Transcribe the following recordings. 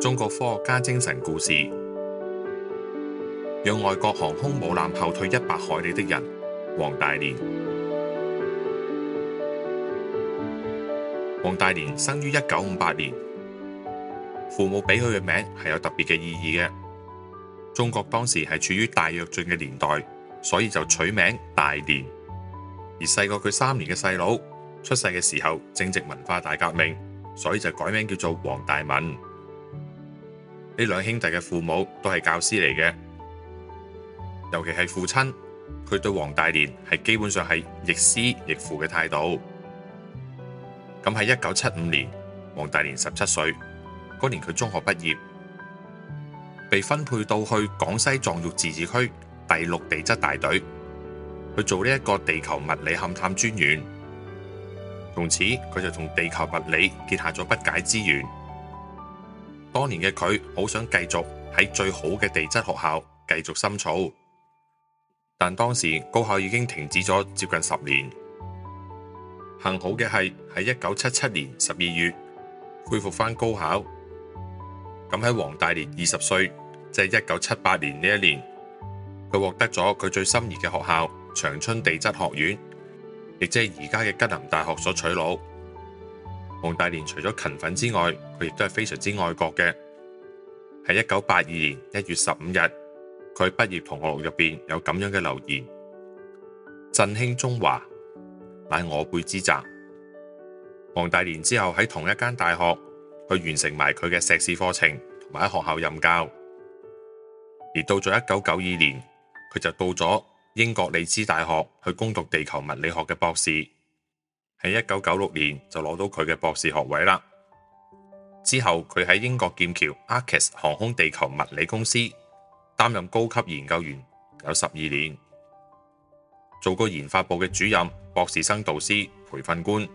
中國科學家精神故事，讓外國航空母艦後退一百海里的人，黃大年。黃大年生於一九五八年，父母俾佢嘅名係有特別嘅意義嘅。中國當時係處於大躍進嘅年代，所以就取名大年。而細過佢三年嘅細佬出世嘅時候，正值文化大革命，所以就改名叫做黃大敏。呢兩兄弟嘅父母都係教師嚟嘅，尤其係父親，佢對黃大年係基本上係亦師亦父嘅態度。咁喺一九七五年，黃大年十七歲，嗰年佢中學畢業，被分配到去廣西壯族自治區第六地質大隊去做呢一個地球物理勘探專員，從此佢就同地球物理結下咗不解之緣。當年嘅佢好想繼續喺最好嘅地質學校繼續深造，但當時高考已經停止咗接近十年。幸好嘅係喺一九七七年十二月恢復翻高考，咁喺黃大年二十歲，即係一九七八年呢一年，佢獲得咗佢最心儀嘅學校長春地質學院，亦即係而家嘅吉林大學所取錄。黃大年除咗勤奮之外，佢亦都係非常之愛國嘅。喺一九八二年一月十五日，佢畢業同學錄入邊有咁樣嘅留言：振興中華，乃我輩之責。黃大年之後喺同一間大學去完成埋佢嘅碩士課程，同埋喺學校任教。而到咗一九九二年，佢就到咗英國利茲大學去攻讀地球物理學嘅博士。喺一九九六年就攞到佢嘅博士學位啦。之後佢喺英國劍橋 Arcus 航空地球物理公司擔任高級研究員，有十二年，做過研發部嘅主任、博士生導師、培訓官。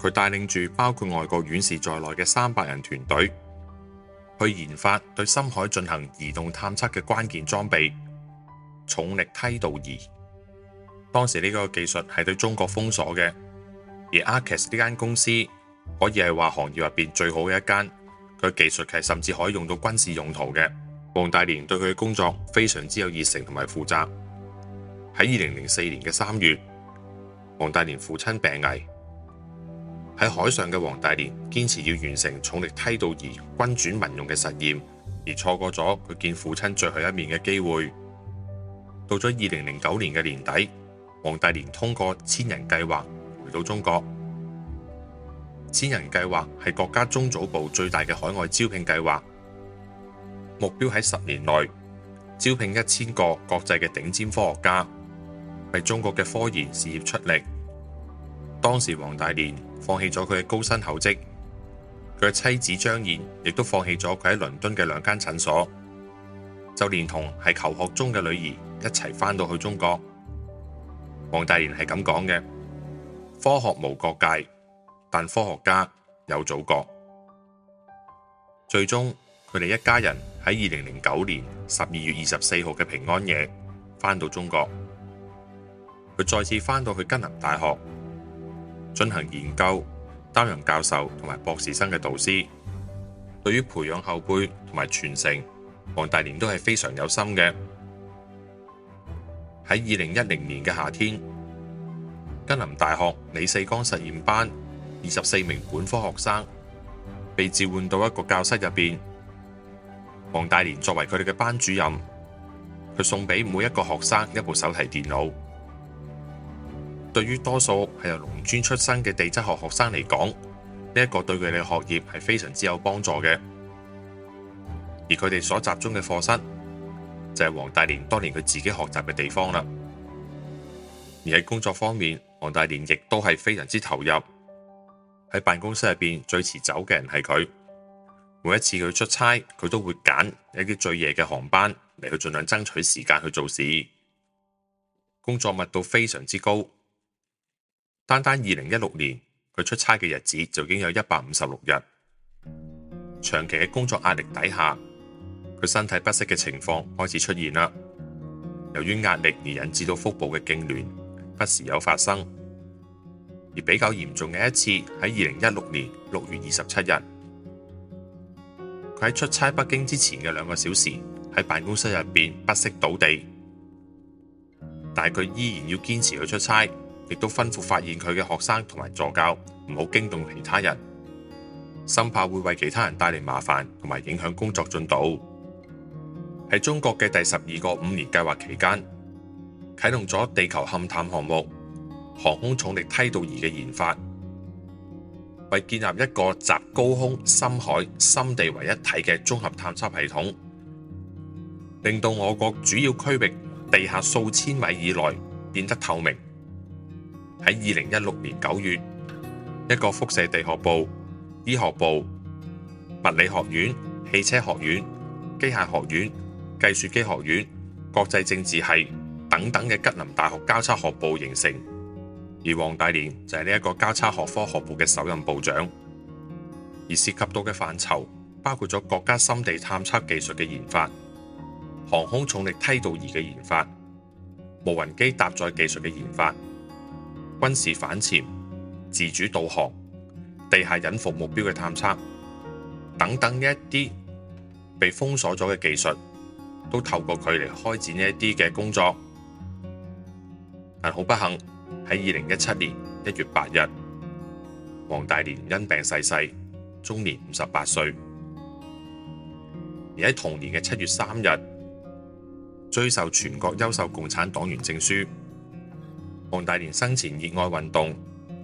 佢帶領住包括外國院士在內嘅三百人團隊去研發對深海進行移動探測嘅關鍵裝備重力梯度儀。當時呢個技術係對中國封鎖嘅。而 ARKeX 呢間公司可以係話行業入邊最好嘅一間，佢技術係甚至可以用到軍事用途嘅。黃大年對佢嘅工作非常之有熱誠同埋負責。喺二零零四年嘅三月，黃大年父親病危，喺海上嘅黃大年堅持要完成重力梯度儀軍轉民用嘅實驗，而錯過咗佢見父親最後一面嘅機會。到咗二零零九年嘅年底，黃大年通過千人計劃。回到中國，千人計劃係國家中組部最大嘅海外招聘計劃，目標喺十年內招聘一千個國際嘅頂尖科學家，為中國嘅科研事業出力。當時黃大年放棄咗佢嘅高薪厚職，佢嘅妻子張燕亦都放棄咗佢喺倫敦嘅兩間診所，就連同係求學中嘅女兒一齊翻到去中國。黃大年係咁講嘅。科學無國界，但科學家有祖國。最終佢哋一家人喺二零零九年十二月二十四號嘅平安夜翻到中國，佢再次翻到去吉林大學進行研究，擔任教授同埋博士生嘅導師。對於培養後輩同埋傳承，黃大年都係非常有心嘅。喺二零一零年嘅夏天。吉林大學李四光實驗班二十四名本科學生被召喚到一個教室入邊，黃大年作為佢哋嘅班主任，佢送俾每一個學生一部手提電腦。對於多數係由農村出身嘅地質學學生嚟講，呢、這、一個對佢哋學業係非常之有幫助嘅。而佢哋所集中嘅課室就係、是、黃大年當年佢自己學習嘅地方啦。而喺工作方面，黃大年亦都係非常之投入，喺辦公室入邊最遲走嘅人係佢。每一次佢出差，佢都會揀一啲最夜嘅航班嚟，去來盡量爭取時間去做事。工作密度非常之高，單單二零一六年佢出差嘅日子就已經有一百五十六日。長期喺工作壓力底下，佢身體不適嘅情況開始出現啦。由於壓力而引致到腹部嘅痙攣。不時有發生，而比較嚴重嘅一次喺二零一六年六月二十七日，佢喺出差北京之前嘅兩個小時，喺辦公室入邊不識倒地，但佢依然要堅持去出差，亦都吩咐發現佢嘅學生同埋助教唔好驚動其他人，生怕會為其他人帶嚟麻煩同埋影響工作進度。喺中國嘅第十二個五年計劃期間。啟動咗地球勘探項目，航空重力梯度儀嘅研發，為建立一個集高空、深海、深地為一體嘅綜合探測系統，令到我國主要區域地下數千米以內變得透明。喺二零一六年九月，一個輻射地學部、醫學部、物理學院、汽車學院、機械學院、計算機學院、國際政治系。等等嘅吉林大學交叉學部形成，而黃大年就係呢一個交叉學科學部嘅首任部長，而涉及到嘅範疇包括咗國家深地探測技術嘅研發、航空重力梯度儀嘅研發、無人機搭載技術嘅研發、軍事反潛、自主導航、地下隱伏目標嘅探測等等一啲被封鎖咗嘅技術，都透過佢嚟開展一啲嘅工作。但好不幸，喺二零一七年一月八日，黃大年因病逝世，終年五十八歲。而喺同年嘅七月三日，追授全國優秀共產黨員證書。黃大年生前熱愛運動，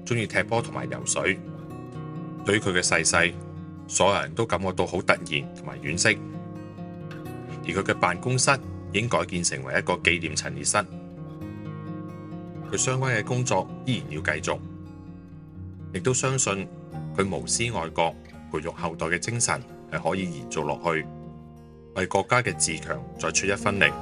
中意踢波同埋游水。對佢嘅逝世，所有人都感覺到好突然同埋惋惜。而佢嘅辦公室已經改建成為一個紀念陳列室。佢相關嘅工作依然要繼續，亦都相信佢無私愛國、培育後代嘅精神係可以延續落去，為國家嘅自強再出一分力。